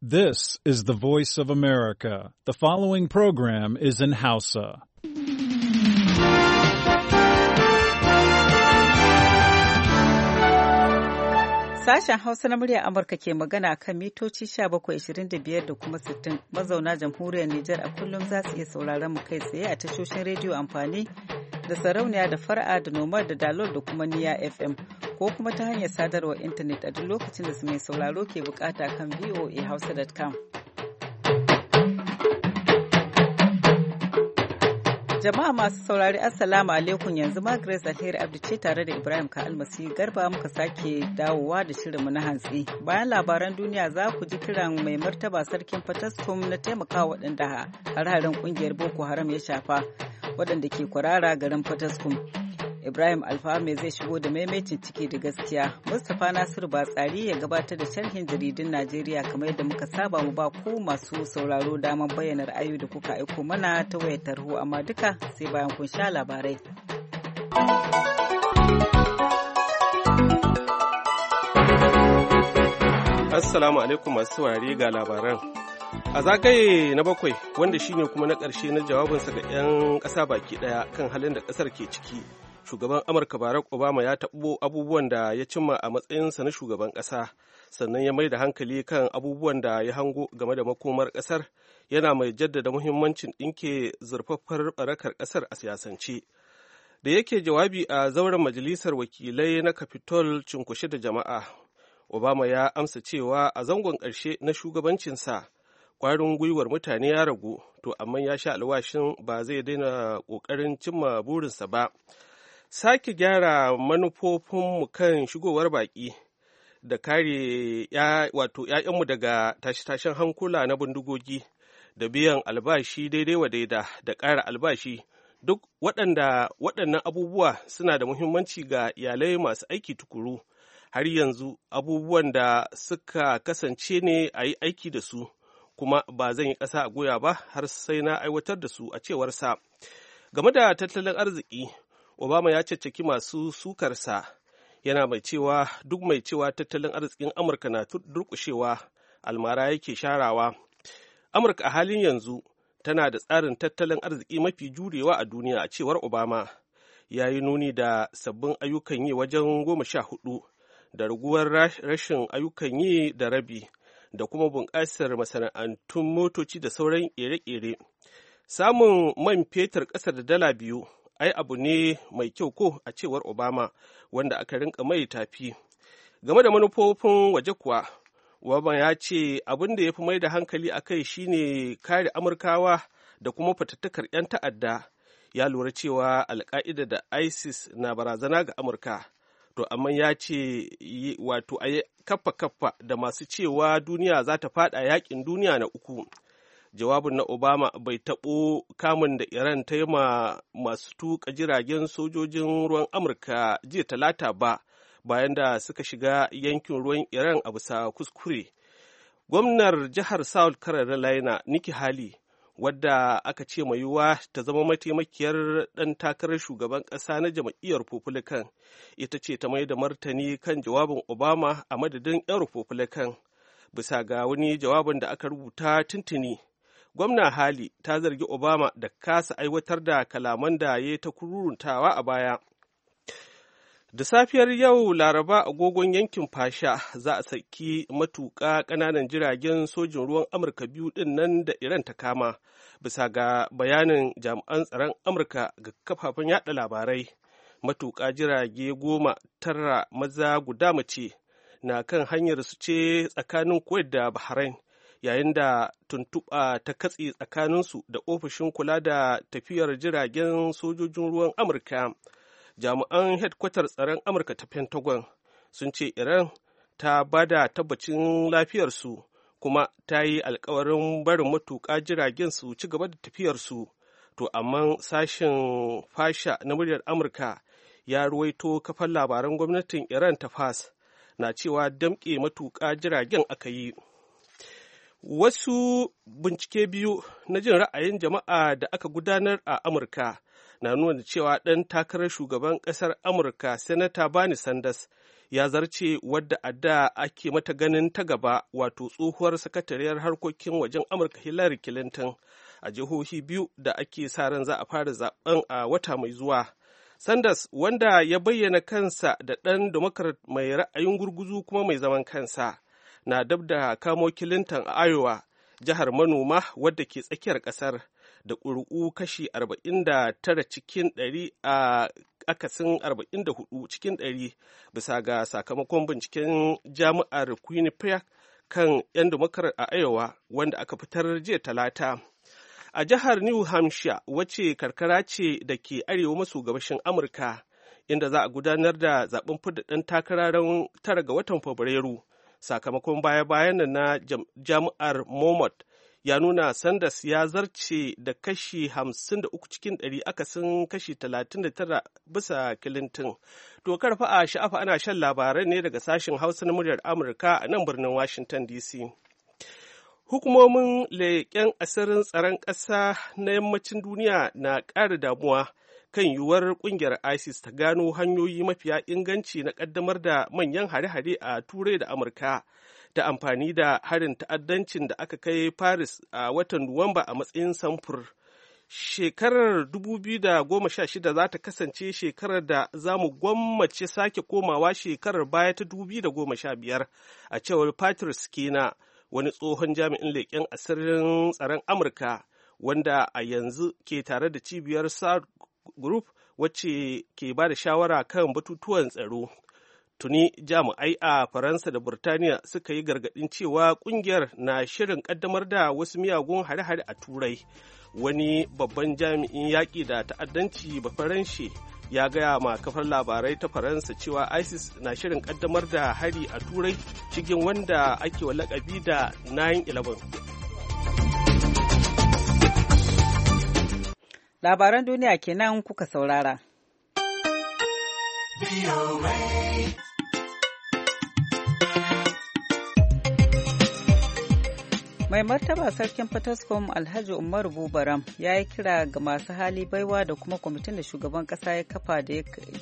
This is the voice of America. The following program is in Hausa. Sashen Hausa na murya Amurka ke magana kan mitoci 1725 da kuma 60 mazauna jamhuriyar Nijar a kullum za su iya sauraron mu kai tsaye a tashoshin rediyo amfani da sarauniya da fara'a da noma da dalol da kuma niya FM. ko kuma ta hanyar sadarwar intanet a duk lokacin da su mai sauraro ke bukata kan voahausa.com. Jama'a masu saurari Assalamu alaikum yanzu ma Grace Alheri Abdi ce tare da Ibrahim Ka Almasi Garba muka sake dawowa da mu na hantsi. Bayan labaran duniya za ku ji kiran mai martaba sarkin Fataskum na taimakawa waɗanda hare-haren ƙungiyar Boko Haram ya shafa waɗanda ke kwarara garin Fataskum. Ibrahim Alfame zai shigo da maimaitin ciki da gaskiya. Mustapha Nasiru Batsari ya gabatar da sharhin jaridun Najeriya kamar yadda muka saba mu ba ku masu sauraro damar bayyana ra'ayi da kuka aiko mana ta wayar tarho amma duka sai bayan kun sha labarai. Assalamu alaikum masu saurari ga labaran. A zagaye na bakwai wanda shine kuma na ƙarshe na jawabinsa ga 'yan ƙasa baki ɗaya kan halin da ƙasar ke ciki. shugaban amurka barack obama ya taɓo abubuwan da ya cimma a matsayinsa na shugaban ƙasa sannan ya mai da hankali kan abubuwan da ya hango game da makomar ƙasar yana mai jaddada muhimmancin ɗinke zurfaffar barakar ƙasar a siyasance da yake jawabi a zauren majalisar wakilai na capitol cinkushe da jama'a obama ya amsa cewa a zangon ƙarshe na shugabancinsa kwarin gwiwar mutane ya ragu to amma ya sha alwashin ba zai daina ƙoƙarin cimma burinsa ba sake gyara manufofinmu kan shigowar baƙi da kare ‘ya'yanmu daga tashe-tashen hankula na bindigogi da biyan albashi daidai wa daida da ƙara albashi duk waɗanda waɗannan abubuwa suna da muhimmanci ga iyalai masu aiki tukuru har yanzu abubuwan da suka kasance ne a yi aiki da su kuma ba zan yi ƙasa a goya ba har sai na aiwatar da su a cewar sa game da tattalin arziki obama ya caccaki masu sukarsa yana mai cewa duk mai cewa tattalin arzikin amurka na durkushewa almara yake sharawa amurka a halin yanzu tana da tsarin tattalin arziki mafi jurewa a duniya a cewar obama ya yi nuni da sabbin ayyukan yi wajen goma sha hudu da raguwar rashin ayyukan yi da rabi da kuma bunƙasar masana'antun motoci da sauran ƙere-ƙere samun man fetur ƙasar da dala biyu ai abu ne mai kyau ko a cewar obama wanda aka rinka mai tafi game da manufofin waje kuwa obama ya ce abin da ya fi mai da hankali a kai shine kare amurkawa da kuma fatattakar 'yan ta'adda ya lura cewa alka'ida da isis na barazana ga amurka to amma ya ce wato a kafa kafa da masu cewa duniya za ta fada yakin duniya na uku jawabin na obama bai taɓo kamun da iran ta yi ma masu tuka jiragen sojojin ruwan amurka jiya talata ba bayan da suka shiga yankin ruwan iran a bisa kuskure gwamnar jihar south carolina nikki hali, wadda aka ce mai yiwuwa ta zama mataimakiyar ɗan takarar shugaban ƙasa na jam'iyyar republican ita ce ta mai da martani kan jawabin obama a madadin 'yan republican bisa ga wani jawabin da aka rubuta tuntuni gwamna hali ta zargi obama da kasa aiwatar da kalaman da ya ta kururuntawa a baya da safiyar yau laraba agogon yankin fasha za a saki matuƙa ƙananan jiragen sojin ruwan amurka biyu ɗin nan da iran ta kama bisa ga bayanin jami'an tsaron amurka ga kafafen yada labarai matuƙa jirage goma tara maza guda mace na kan hanyar su ce tsakanin kuwait da bahrain yayin da tuntuɓa ta katse tsakaninsu da ofishin kula da tafiyar jiragen sojojin ruwan amurka jami'an hedkwatar tsaron amurka ta pentagon sun ce iran ta ba da tabbacin lafiyarsu kuma ta yi alkawarin barin matuƙa jiragen su ci gaba da tafiyarsu to amma sashen fasha na muryar amurka ya ruwaito kafan labaran gwamnatin iran ta fas na cewa damƙe matuƙa jiragen aka yi Wasu bincike biyu na jin ra'ayin jama'a da aka gudanar a Amurka na nuna cewa ɗan takarar shugaban ƙasar Amurka senator Bani Sanders ya zarce wadda a da ake mata ganin ta gaba wato tsohuwar sakatariyar harkokin wajen Amurka Hillary Clinton a jihohi biyu da ake sa ran za a fara zaben a wata mai zuwa. Sanders wanda ya bayyana kansa da ɗan Democrat mai ra'ayin gurguzu kuma mai zaman kansa. na dab da kamo kilintan a Iowa, jihar manoma wadda ke tsakiyar ƙasar da ƙuri'u kashi 49 cikin 100 a akasin 44 cikin 100 bisa ga sakamakon binciken jami'ar Quinnipiac kan 'yan dimokar a Iowa wanda aka fitar jiya talata. A jihar New Hampshire wace karkara ce da ke arewa maso gabashin Amurka inda za a gudanar da zaben fidda ɗan takararin tara ga watan Fabrairu. sakamakon baya-bayan nan na jami'ar momot ya nuna sanders ya zarce da kashi 53 cikin 100 akasin kashi 39 bisa clinton Dokar karfa a sha'afa ana shan labarai ne daga sashen hausa na muryar amurka a nan birnin washington dc hukumomin leƙen asirin tsaron ƙasa na yammacin duniya na ƙara damuwa kan yiwuwar kungiyar isis ta gano hanyoyi mafiya inganci na kaddamar da manyan hare-hare a turai da amurka ta amfani da harin ta'addancin da aka kai paris a watan nuwamba a matsayin samfur shekarar 2016 za ta kasance shekarar da za mu gwammace sake komawa shekarar baya ta 2015 a cewar patrice kina wani tsohon jami'in leƙen asirin tsaron amurka wanda a yanzu ke tare da cibiyar group wacce ke ba da shawara kan batutuwan tsaro tuni jami'ai a faransa da burtaniya suka yi gargaɗin cewa ƙungiyar na shirin ƙaddamar da wasu miyagun hare-hare a turai wani babban jami'in yaƙi da ta'addanci faranshe ya gaya ma kafar labarai ta faransa cewa isis na shirin ƙaddamar da hari a turai cikin wanda ake wa lakabi da 9-11 Labaran duniya kenan kuka saurara. Mai martaba sarkin Fataskom Alhaji Umar Bubaram ya yi kira ga masu hali baiwa da kuma kwamitin da shugaban kasa ya kafa da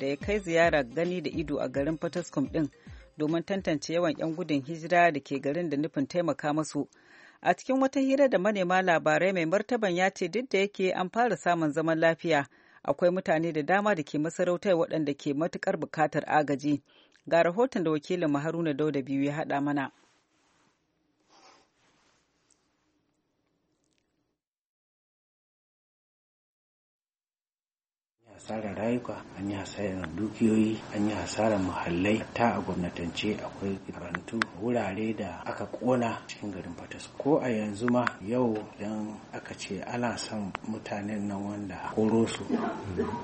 ya kai ziyara gani da ido a garin Fataskom din domin tantance yawan 'yan gudun hijira da ke garin da nufin taimaka masu. a cikin wata hira da manema labarai mai martaban ya ce duk da yake an fara samun zaman lafiya akwai mutane da dama da ke masarautar waɗanda ke matukar bukatar agaji ga rahoton da wakilin haruna dauda biyu ya haɗa mana hasarar rayuka an yi hasarar dukiyoyi an yi hasarar muhallai ta a gwamnatance akwai karantu wurare da aka kona cikin garin fatas ko a yanzu ma yau idan aka ce ana son mutanen nan wanda koro su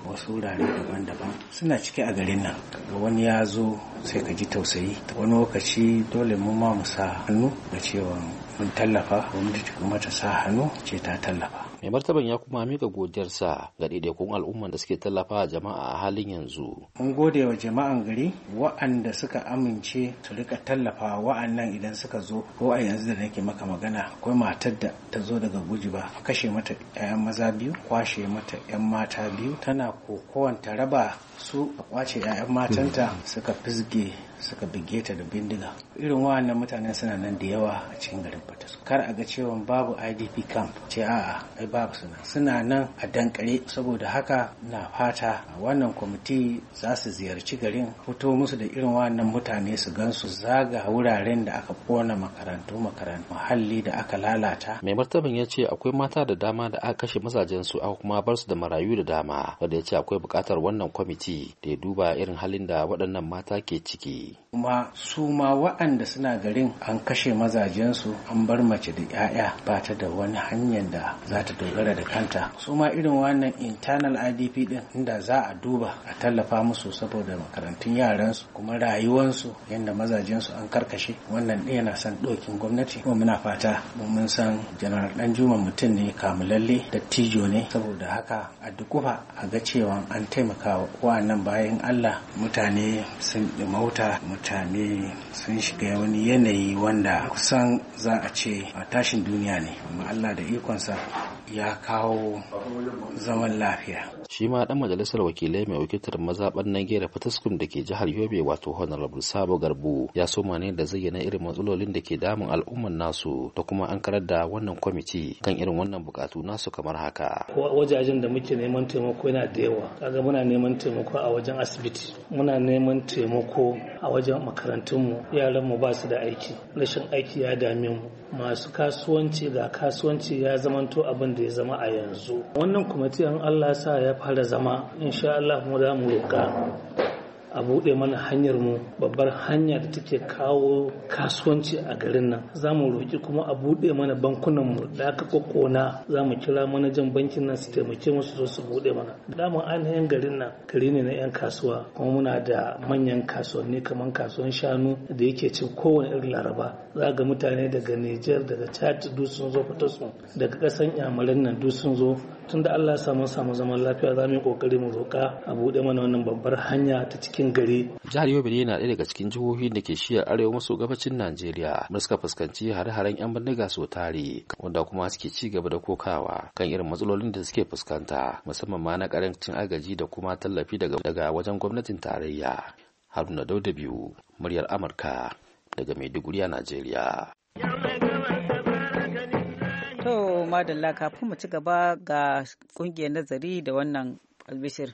wasu wurare daban-daban suna ciki a garin nan ga wani ya zo sai ka ji tausayi wani lokaci dole mu ma mu sa hannu ga cewa mun tallafa gwamnati kuma ta sa hannu ce ta tallafa mai martaban ya kuma mika godiyarsa ga daidaikun al'umman da suke tallafa jama'a a halin yanzu mun gode wa jama'an gari wa'anda suka amince su rika tallafa wa'annan idan suka zo ko a yanzu da nake maka magana akwai matar da ta zo daga guji ba kashe mata 'ya'yan maza biyu kwashe mata 'yan mata biyu tana kokowanta ta raba su kwace 'ya'yan matanta suka fisge. suka bige ta da bindiga irin wa'annan mutane suna nan da yawa a cikin garin Fatas kar a ga cewa babu IDP camp ce a'a ai babu suna suna nan a dankare saboda haka na fata wannan kwamiti za su ziyarci garin fito musu da irin wa'annan mutane su gan gansu zaga wuraren da aka kona makarantu makarantu muhalli da aka lalata mai martabin ya ce akwai mata da dama da aka kashe mazajen su aka kuma bar su da marayu da dama wanda ya ce akwai bukatar wannan kwamiti da ya duba irin halin da waɗannan mata ke ciki kuma su ma wa'anda suna garin an kashe mazajensu an bar mace da 'ya'ya ba ta da wani hanyar da za ta dogara da kanta su ma irin wannan internal idp din inda za a duba a tallafa musu saboda makarantun yaransu kuma rayuwansu yadda mazajensu an karkashe wannan ɗaya na san ɗokin gwamnati kuma muna fata mun san janar dan juma mutum ne kamulalle da tijo ne saboda haka a dukufa a ga cewa an taimaka wa'annan bayan allah mutane sun mauta mutane sun shiga wani yanayi wanda kusan za a ce a tashin duniya ne amma Allah da ikonsa ya kawo zaman lafiya. Shi ma ɗan majalisar wakilai mai wakiltar mazaɓar Nagera Fataskum da ke jihar Yobe wato Honorable Sabo Garbu ya soma ne da zayyana irin matsalolin da ke damun al'umman nasu ta kuma an karar da wannan kwamiti kan irin wannan bukatu nasu kamar haka. Wajajen da muke neman taimako yana da yawa. Kaga muna neman taimako a wajen asibiti, muna neman taimako a wajen makarantunmu yaranmu ba su da aiki rashin aiki ya dame mu masu kasuwanci ga kasuwanci ya zamanto abin da ya zama a yanzu wannan kwamiti an allah sa ya fara zama insha allah mu za mu roƙa a buɗe mana hanyar mu babbar hanya da take kawo kasuwanci a garin nan za mu roƙi kuma a buɗe mana bankunan mu da aka kokona za mu kira manajan bankin nan su taimake mu su zo su buɗe mana daman ainihin garin nan gari ne na 'yan kasuwa kuma muna da manyan kasuwanni kamar kasuwan shanu da yake cin kowane irin laraba za ga mutane daga Nijar daga Chad duk sun zo fito daga ƙasan yamarin nan duk sun zo tun da Allah ya samu samu zaman lafiya za mu yi kokari mu roƙa a buɗe mana wannan babbar hanya ta cikin gari. Jihar Yobe ne yana ɗaya daga cikin jihohi da ke shiyar arewa maso gabacin Najeriya da suka fuskanci hare-haren 'yan bindiga so tare wanda kuma suke ci gaba da kokawa kan irin matsalolin da suke fuskanta musamman ma na karancin agaji da kuma tallafi daga wajen gwamnatin tarayya. Haruna Dauda biyu muryar Amurka daga Maiduguri a Najeriya. To madalla kafin mu ci gaba ga kungiyar nazari da wannan albishir.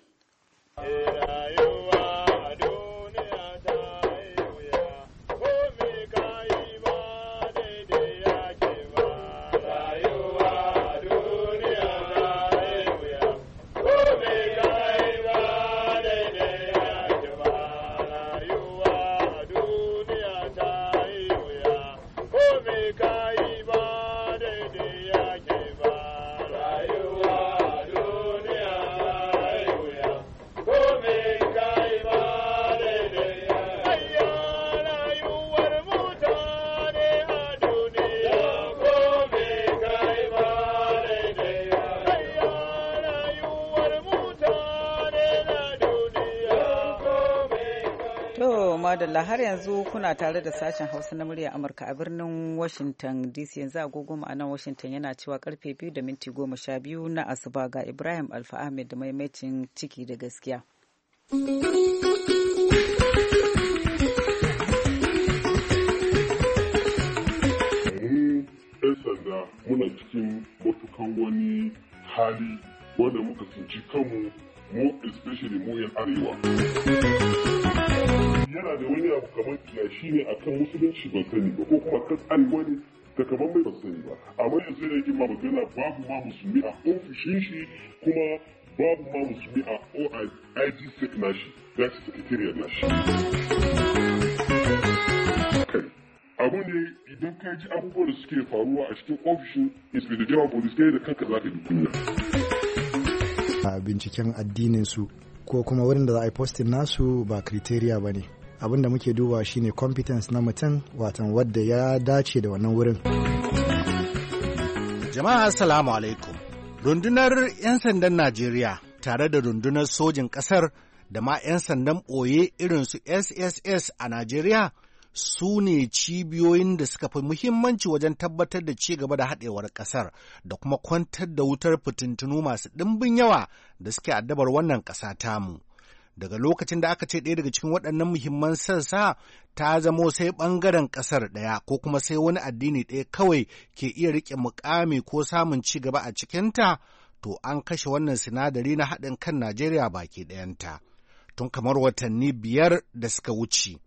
kuna tare da sashen Hausa na murya Amurka a birnin Washington DC yanzu agogo ma'anar Washington yana cewa karfe biyu da minti goma sha biyu na asuba ga Ibrahim Alfa Ahmed da maimacin ciki da gaskiya. 'yan sanda muna cikin matukan wani hali wanda muka tsinci kanmu mu especially mu yan arewa. yana da wani abu kamar shi ne a kan musulunci ban sani ba ko kuma kan arewa ne takaban mai ban sani ba amma yanzu da yake ma magana babu ma musulmi a ofishin shi kuma babu ma musulmi a OIG nashi that secretariat shi. abu ne idan ka ji abubuwan da suke faruwa a cikin ofishin inspector general police kai da kanka zaka ji kunya a binciken addinin su ko kuma wurin da za a yi postin nasu ba kriteriya ba ne abin da muke duba shine competence na mutum watan wadda ya dace da wannan wurin jama'a assalamu alaikum rundunar 'yan sandan najeriya tare da rundunar sojin ƙasar da ma 'yan sandan ɓoye irinsu sss a najeriya su ne cibiyoyin da suka fi muhimmanci wajen tabbatar da ci gaba da haɗewar ƙasar da kuma kwantar da wutar fitintunu masu ɗimbin yawa da suke addabar wannan ƙasa tamu. daga lokacin da aka ce ɗaya daga cikin waɗannan muhimman sassa ta zamo sai ɓangaren ƙasar ɗaya ko kuma sai wani addini ɗaya kawai ke iya riƙe mukami ko samun ci gaba a cikinta to an kashe wannan sinadari na haɗin kan Najeriya baki ɗayanta tun kamar watanni biyar da suka wuce.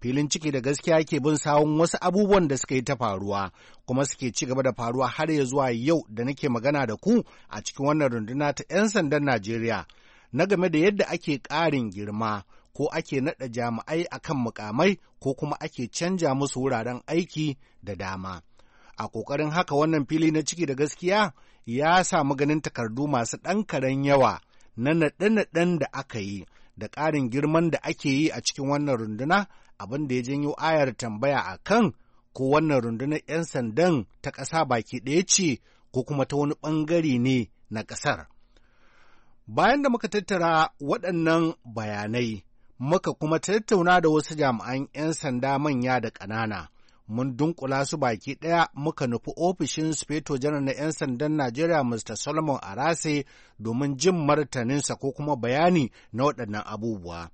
filin ciki da gaskiya ke bin sawun wasu abubuwan da suka yi ta faruwa kuma suke ci gaba da faruwa har ya zuwa yau da nake magana da ku a cikin wannan runduna ta 'yan sandan Najeriya na game da yadda ake ƙarin girma ko ake naɗa jami'ai a kan mukamai ko kuma ake canja musu wuraren aiki da dama. A ƙoƙarin haka wannan fili na ciki da gaskiya ya samu ganin takardu masu ɗan karen yawa na naɗe-naɗen da aka yi da ƙarin girman da ake yi a cikin wannan runduna abin da ya janyo ayar tambaya a kan ko wannan rundunar 'yan sandan ta ƙasa baki ɗaya ce ko kuma ta wani ɓangare ne na ƙasar. Bayan da muka tattara waɗannan bayanai, muka kuma tattauna da wasu jami'an 'yan sanda manya da ƙanana. Mun dunkula su baki ɗaya muka nufi ofishin Sufeto janar na 'yan sandan Najeriya Mr. Solomon Arase domin jin martaninsa ko kuma bayani na waɗannan abubuwa.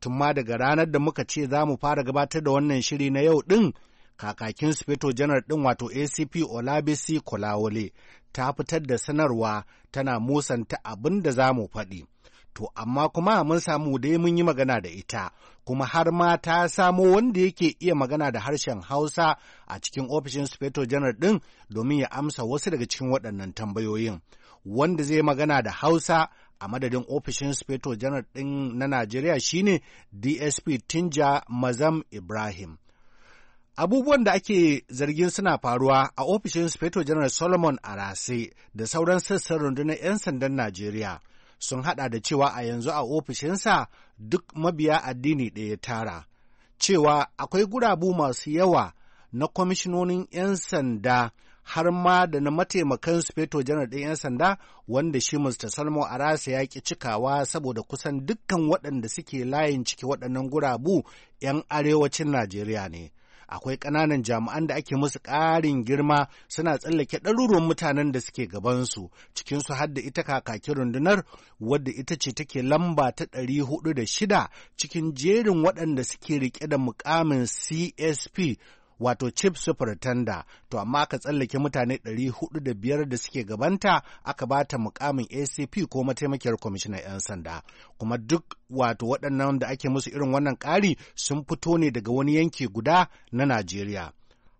Tun ma daga ranar da muka ce za mu fara gabatar da wannan shiri na yau ɗin, kakakin sufeto janar ɗin wato acp olabisi kolawole ta fitar da sanarwa tana musanta abin da za mu faɗi. To, amma kuma mun samu dai mun yi magana da ita, kuma har ma ta samo wanda yake iya magana da harshen Hausa a cikin ofishin Sufeto Janar ɗin domin ya amsa wasu daga cikin waɗannan tambayoyin. Wanda zai magana da Hausa a madadin ofishin Sufeto Janar ɗin na Najeriya shine DSP Tinja Mazam Ibrahim. abubuwan da ake zargin suna faruwa a ofishin Speto General Solomon Arase da sauran sassan rundunar 'yan sandan Najeriya sun haɗa da cewa a yanzu a ofishinsa duk mabiya addini ɗaya tara, cewa akwai gurabu masu yawa na kwamishinonin 'yan sanda har ma da na mataimakan Speto General ɗin 'yan sanda wanda shi Mr. Salmo Arasa ya ki cikawa saboda kusan dukkan waɗanda suke layin ciki waɗannan gurabu 'yan arewacin Najeriya ne. akwai ƙananan jami'an da ake musu ƙarin girma suna tsallake ɗaruruwan mutanen da suke gabansu cikinsu har da ita kakakin rundunar wadda ita ce take lamba ta ɗari hudu da shida cikin jerin waɗanda suke riƙe da mukamin CSP wato chief superintendent to amma aka tsallake mutane 405 da suke gabanta aka ba ta mukamin acp ko mataimakiyar kwamishinan 'yan sanda kuma duk wato waɗannan da ake musu irin wannan ƙari sun fito ne daga wani yanki guda na najeriya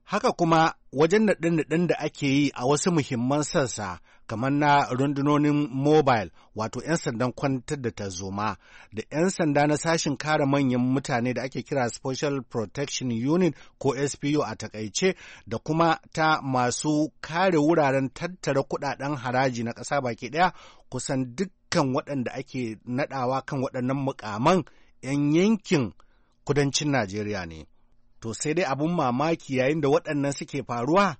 haka kuma wajen naɗin-naɗin da ake yi a wasu muhimman sassa kamar na rundunonin mobile wato 'yan sandan kwantar da tarzoma da 'yan sanda na sashin kare manyan mutane da ake kira special protection unit ko spu a takaice da kuma ta masu kare wuraren tattara kudaden haraji na ƙasa baki ɗaya kusan dukkan waɗanda ake naɗawa kan waɗannan mukaman 'yan yankin kudancin najeriya ne to sai dai abin mamaki yayin da waɗannan suke faruwa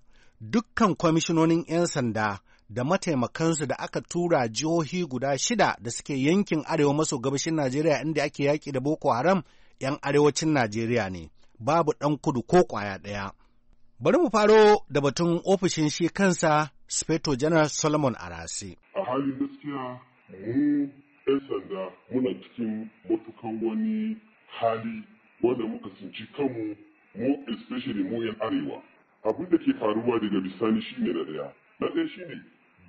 dukkan kwamishinonin 'yan sanda da mataimakansu da aka tura jihohi guda shida da suke yankin arewa maso gabashin Najeriya inda ake yaƙi da Boko Haram 'yan arewacin Najeriya ne, babu ɗan kudu ko ƙwaya ɗaya. Bari mu faro da batun ofishin shi kansa Speto General Solomon Arasi. A halin gaskiya mu 'yan sanda muna cikin matukan wani hali wanda muka tsinci kanmu mu especially mu 'yan arewa. Abin da ke faruwa daga bisani shine na ɗaya. Na ɗaya shine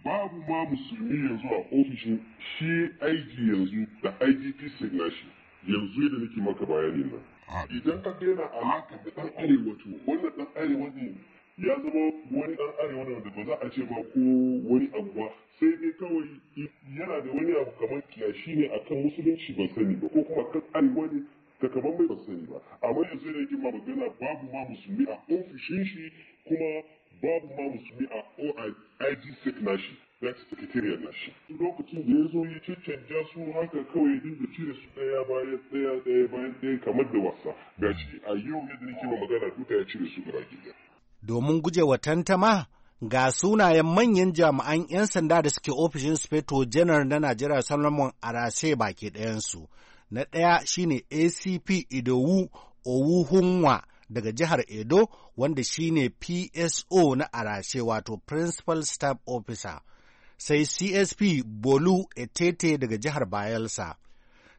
babu ma musulmi yanzu a ofishin shi aiki yanzu da IDP signal shi yanzu da nake maka bayanin nan. Idan ka daina alaka da ɗan arewa to wannan ɗan arewa ne ya zama wani ɗan arewa ne wanda ba za a ce ba ko wani abu ba sai dai kawai yana da wani abu kamar kiyashi ne akan musulunci ban sani ba ko kuma kan arewa ne ka kamar mai ban sani ba amma yanzu yana yake ma magana babu ma musulmi a ofishin shi kuma babu ma musulmi a IGSEC nashi that secretariat nashi lokacin da ya zo ya caccanja su haka kawai dinga cire su daya bayan daya daya bayan daya kamar da wasa shi a yau yadda nake ma magana duka ya cire su gaba gida domin gujewa tantama ga sunayen manyan jami'an 'yan sanda da suke ofishin speto janar na Najeriya Solomon Arase baki ɗayansu. Na ɗaya shine ACP Idowu Owuhunwa daga jihar Edo wanda shine PSO na Arashe wato Principal Staff Officer, sai CSP Bolu Etete daga jihar Bayelsa,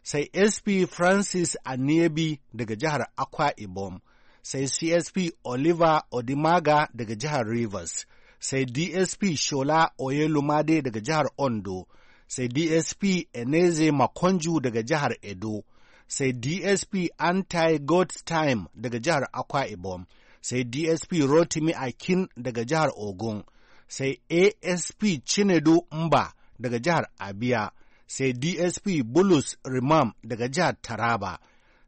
sai SP Francis Aniebi daga jihar Akwa Ibom, sai CSP Oliver Odimaga daga jihar Rivers, sai DSP Shola Oyelumade daga jihar Ondo, sai DSP Eneze Makonju daga jihar Edo. sai DSP Anti Time daga jihar Akwa Ibom, sai DSP Rotimi Akin daga jihar Ogun, sai ASP Chinedu Mba daga jihar Abia, sai DSP Bulus Rimam daga jihar Taraba,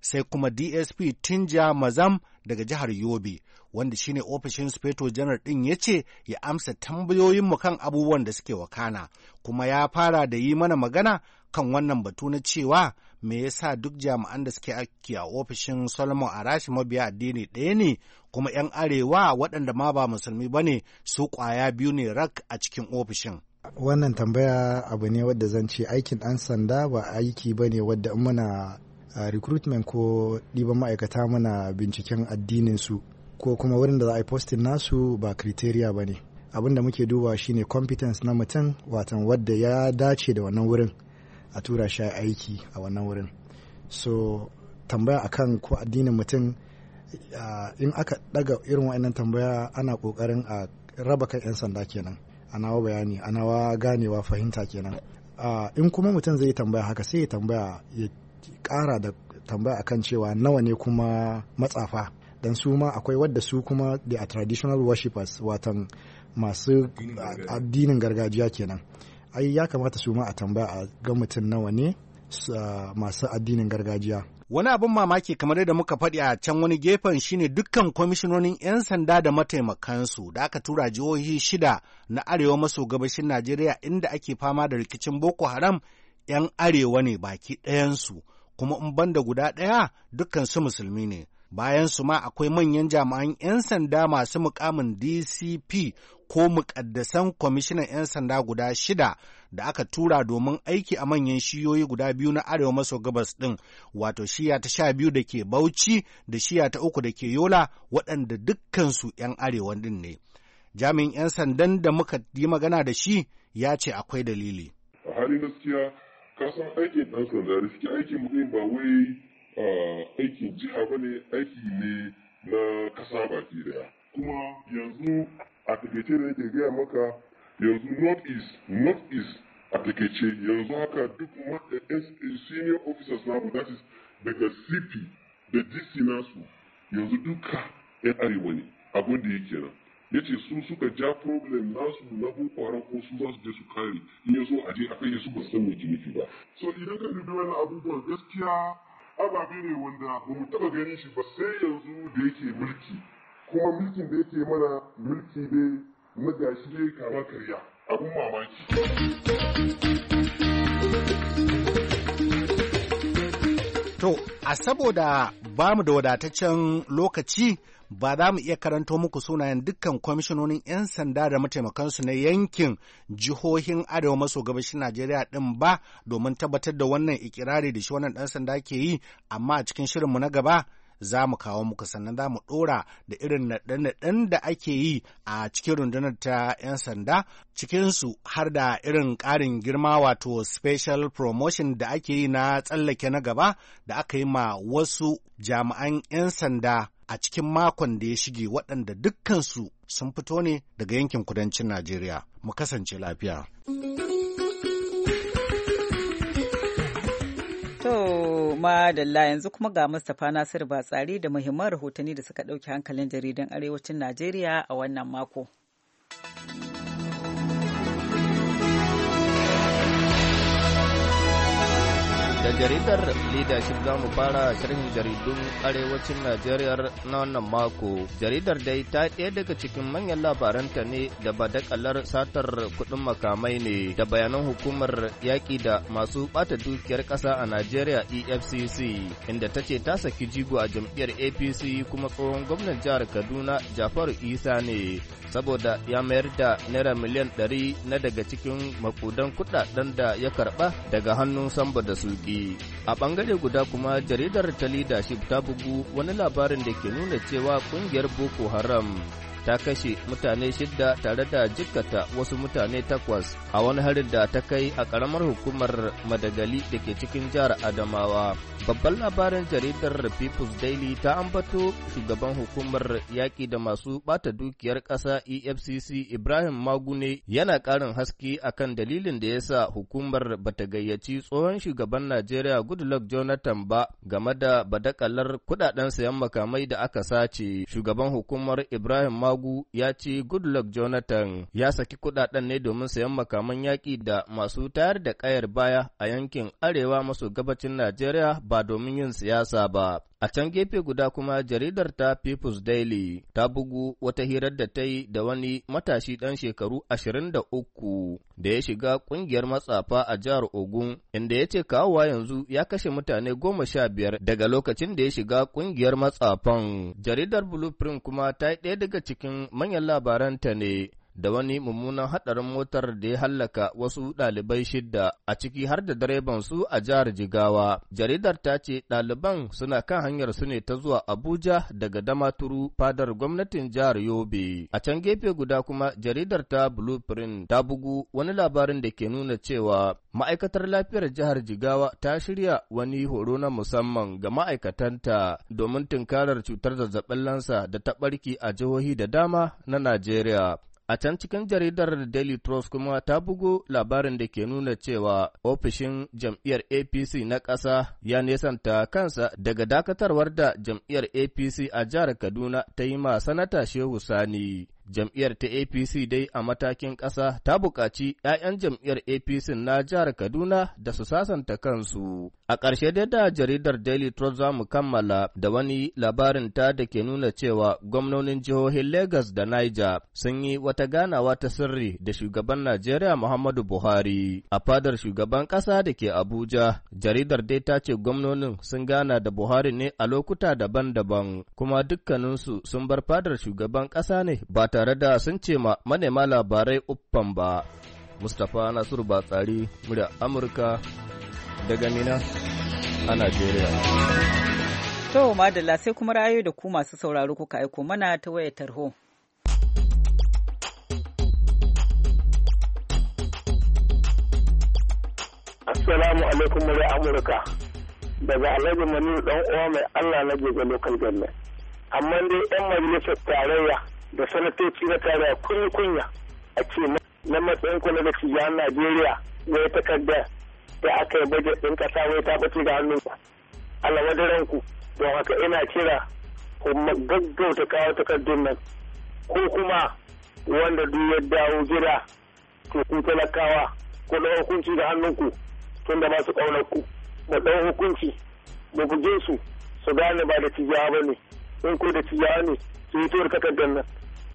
sai kuma DSP Tinja Mazam daga jihar Yobe, wanda shine ofishin Speto Janar ɗin ya ce ya amsa tambayoyin mu kan abubuwan da suke wakana, kuma ya fara da yi mana magana kan wannan batu na cewa me yasa duk jami'an da suke aiki a ofishin Solomon Arashi mabiya addini ɗaya ne kuma 'yan arewa waɗanda ma ba musulmi ba ne su kwaya biyu ne rak a cikin ofishin. Wannan tambaya abu ne wadda zan ce aikin ɗan sanda ba aiki ba ne wadda muna recruitment ko ɗiban ma'aikata muna binciken addinin su ko kuma wurin da za a yi postin nasu ba criteria ba ne. abin da muke duba shine competence na mutum watan wadda ya dace da wannan wurin a tura shi aiki a wannan wurin so tambaya akan ko addinin mutum in aka daga irin wa'annan tambaya ana kokarin a raba kan 'yan sanda kenan anawa bayani anawa ganewa fahimta kenan in kuma mutum zai tambaya haka sai ya tambaya ya kara da tambaya akan cewa nawa ne kuma matsafa dan su ma akwai wadda su kuma the traditional worshippers watan masu addinin gargajiya kenan ai ya kamata su ma a tambaya a ga mutum nawa ne masu addinin gargajiya wani abin mamaki kamar yadda muka faɗi a can wani gefen shine dukkan kwamishinonin 'yan sanda da mataimakansu da aka tura jihohi shida na arewa maso gabashin najeriya inda ake fama da rikicin boko haram 'yan arewa ne baki ɗayansu kuma in banda guda ɗaya dukkan su musulmi ne bayan su ma akwai manyan jami'an 'yan sanda masu mukamin dcp ko mukaddasan kwamishinan 'yan sanda guda shida da aka tura domin aiki a manyan shiyoyi guda biyu na arewa maso gabas ɗin wato shiya ta sha biyu da ke bauchi da shiya ta uku da ke yola waɗanda dukkansu 'yan arewa ɗin ne jami'in 'yan sandan da muka yi magana da shi ya ce akwai dalili a halin gaskiya kasan aikin ɗan sanda da suke aikin mutum ba wai aikin jiha ba ne aiki ne na ƙasa baki daya kuma yanzu a takaice da yake gaya maka yanzu north east a takaice yanzu haka duk senior officers na abu that is daga cp da dc nasu yanzu duka yan arewa ne abin da yake nan ya ce su suka ja problem nasu na boko ko su za su je su kare in ya zo a je a kai su ba san mai nufi ba so idan ka dubi wani abubuwan gaskiya ababe ne wanda ba mu taba ganin shi ba sai yanzu da yake mulki kuma mulkin da yake mana mulki ne na gashi ne kama karya abun mamaki to a saboda ba mu da wadataccen lokaci ba za mu iya karanto muku sunayen dukkan kwamishinonin 'yan sanda da mataimakansu na yankin jihohin arewa maso gabashin najeriya din ba domin tabbatar da wannan ikirari da shi wannan dan sanda ke yi amma a cikin shirin mu na gaba za mu kawo muku sannan za mu ɗora da irin naɗe-naɗen da ake yi a cikin rundunar ta 'yan sanda cikinsu har da irin ƙarin girma wato special promotion da ake yi na tsallake na gaba da aka yi ma wasu jami'an 'yan sanda a cikin makon da ya shige waɗanda dukkansu sun fito ne daga yankin kudancin Najeriya. Mu kasance lafiya. kuma dalla yanzu kuma ga Mustapha Nasir Batsari da muhimman rahotanni da suka ɗauki hankalin jaridan Arewacin Najeriya a wannan mako. da jaridar leadership za mu fara sharhin jaridun arewacin najeriya na wannan mako jaridar dai ta ɗaya daga cikin manyan labaranta ne da ba dakalar satar kuɗin makamai ne da bayanan hukumar yaƙi da masu ɓata dukiyar ƙasa a najeriya efcc inda ta ce ta saki jigo a jam'iyyar apc kuma tsohon gwamnan jihar kaduna jafaru isa ne saboda ya mayar da naira miliyan ɗari na daga cikin makudan kuɗaɗen da ya karɓa daga hannun samba da suki a bangare guda kuma jaridar ta leadership ta bugu wani labarin da ke nuna cewa ƙungiyar boko haram ta kashe mutane shidda tare da jikkata wasu mutane takwas a wani harin da ta kai a ƙaramar hukumar madagali da ke cikin jihar adamawa babban labarin jaridar people's daily ta ambato shugaban hukumar yaƙi da masu ɓata dukiyar ƙasa efcc ibrahim magune yana ƙarin haske akan dalilin da ya sa hukumar bata gayyaci tsohon shugaban najeriya goodluck jonathan ba game da badakalar kudaden sayan makamai da aka sace shugaban hukumar ibrahim magune Magu ya ce Goodluck Jonathan ya saki kudaden ne domin sayan makaman yaƙi da masu tayar da ƙayar baya a yankin arewa maso gabacin Najeriya ba domin yin siyasa ba. A can gefe guda kuma jaridar ta People's Daily ta bugu wata hirar da ta yi da wani matashi ɗan shekaru ashirin da uku da ya shiga ƙungiyar matsafa a jihar Ogun, inda ya ce kawowa yanzu ya kashe mutane goma sha biyar daga lokacin da ya shiga ƙungiyar matsafan. Jaridar Blueprint kuma ta yi ɗaya daga cikin manyan labaranta ne. da wani mummunan haɗarin motar da ya hallaka wasu ɗalibai shidda a ciki har da direban su a jihar Jigawa. Jaridar ta ce ɗaliban suna kan hanyar su ne ta zuwa Abuja daga Damaturu fadar gwamnatin jihar Yobe. A can gefe guda kuma jaridar ta Blueprint ta bugu wani labarin da ke nuna cewa ma'aikatar lafiyar jihar Jigawa ta shirya wani horo na musamman ga ma'aikatanta domin tunkarar cutar zazzabin lansa da ta ɓarki a jihohi da dama na Najeriya. A can cikin jaridar Daily Trust kuma ta bugo labarin da ke nuna cewa ofishin jam'iyyar APC na ƙasa ya nesanta kansa daga dakatarwar da jam'iyyar APC a jihar Kaduna ta yi ma sanata Shehu Sani. Jam'iyyar ta APC dai a matakin ƙasa ta buƙaci 'ya'yan jam'iyyar APC na jihar Kaduna da su sasanta kansu. A ƙarshe dai da jaridar Daily Trust za mu kammala da wani labarin ta da ke nuna cewa gwamnonin jihohin Legas da Niger sun yi wata ganawa ta sirri da shugaban Najeriya Muhammadu Buhari. A fadar shugaban ƙasa da ke Abuja, jaridar dai ta ce gwamnonin sun gana da Buhari ne a lokuta daban-daban, kuma dukkaninsu sun bar fadar shugaban ƙasa ne ba tare da sun ce ma manema labarai uffan ba. Mustapha Nasiru Batsari, murya Amurka daga Mina a nigeria To, Madalla sai kuma rayu da ku masu sauraro kuka aiko mana ta wayar tarho. Assalamu alaikum murya Amurka. Daga Alhaji Maniru dan uwa mai Allah na jirgin lokal gannan. Amma dai 'yan majalisar tarayya da sanatoci na tarayya kun kunya a ce na matsayin kula da cijan Najeriya ya takarda da aka yi bajet ɗin ƙasa wai ta bace da hannunku alawadaran ku don haka ina kira ku gaggauta kawo takardun nan ko kuma wanda duk ya dawo gida to kun talakawa ku ɗau hukunci da hannunku tun da masu ƙaunar ku da ɗau hukunci da buge su su gane ba da cijawa ba ne in ko da cijawa ne su yi tuwar takardun nan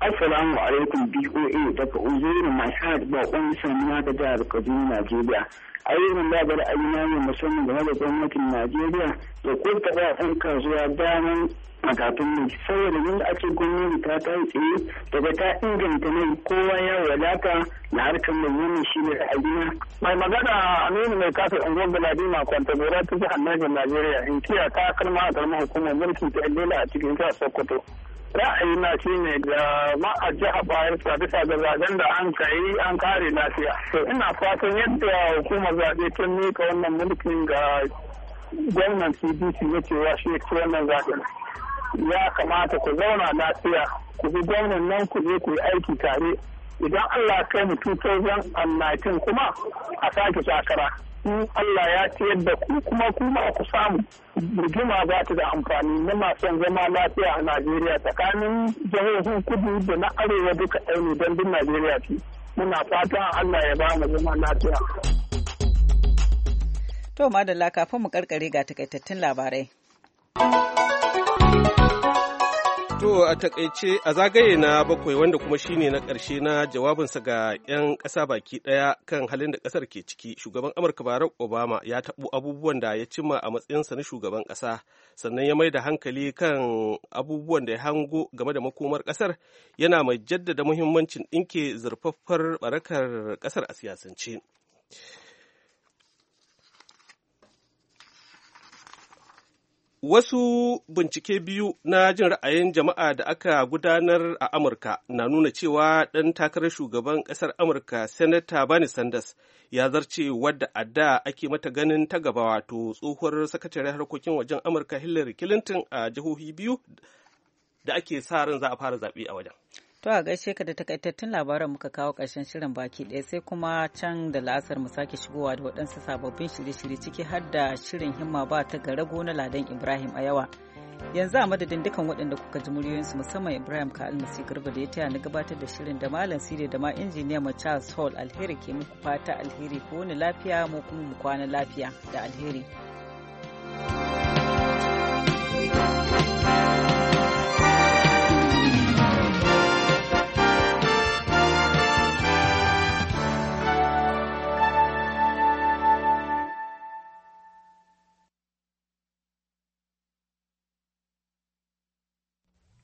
Assalamu alaikum BOA daga Uzairu mai had ba sanuwa da jihar Kaduna Najeriya. Ayyukan da bada ayyuna ne musamman game da gwamnatin Najeriya da ta ba ɗan kasuwa daman magatun mai saboda yadda ake gwamnati ta yi tsaye daga ta inganta mai kowa ya wadata na harkar mai shi ne ra'ayina. Mai magana Aminu mai kasa unguwar Galadima Gora ta jihar Najeriya in kiya ta kalma a hukumar mulki ta lela a cikin jihar Sokoto. ra'ayi na shi ne da ma'aji a bayarsa bisa ga zaben da an kai an kare lafiya to ina fatan yadda hukumar zaɓe ta mika wannan mulkin ga gwamnan cdc na cewa shi wannan zaɓen ya kamata ku zauna lafiya ku bi gwamnan nan ku je ku yi aiki tare idan allah kai mu 2019 kuma a sake takara in Allah ya ce da ku kuma kuma ku samu rigima za ta da amfani na masu zama lafiya a Najeriya tsakanin jihohin kudu da na arewa duka ɗaya ne don duk Najeriya ce. Muna fatan Allah ya ba mu zama lafiya. To madalla kafin mu karkare ga takaitattun labarai. To a takaice a zagaye na bakwai wanda kuma shine na ƙarshe na jawabinsa ga 'yan ƙasa baki ɗaya kan halin da ƙasar ke ciki, shugaban Amurka Barack Obama ya taɓo abubuwan da ya cimma a matsayinsa na shugaban ƙasa, sannan ya mai da hankali kan abubuwan da ya hango game da makomar ƙasar yana mai jaddada muhimmancin ɗinke zurfaffar barakar ƙasar a siyasance. Wasu bincike biyu na jin ra'ayin jama'a da aka gudanar a Amurka na nuna cewa ɗan takarar shugaban ƙasar Amurka Senator Bernie Sanders ya zarce wadda a da ake mata ganin ta gaba wato tsohuwar Sakatare harkokin wajen Amurka Hillary Clinton a jihohi biyu da ake sa ran za a fara zaɓe a wajen. To a gaishe ka da takaitattun labaran muka kawo ƙarshen shirin baki ɗaya sai kuma can da la'asar mu sake shigowa da waɗansu sababbin shirye-shirye ciki har da shirin himma ba ta gara na ladan Ibrahim a yawa. Yanzu a madadin dukan waɗanda kuka ji muryoyinsu musamman Ibrahim ka almasi Garba da ya taya na gabatar da shirin da Malam Sire da ma injiniya mu Charles Hall alheri ke muku fata alheri ko wani lafiya mu kuma mu kwana lafiya da alheri.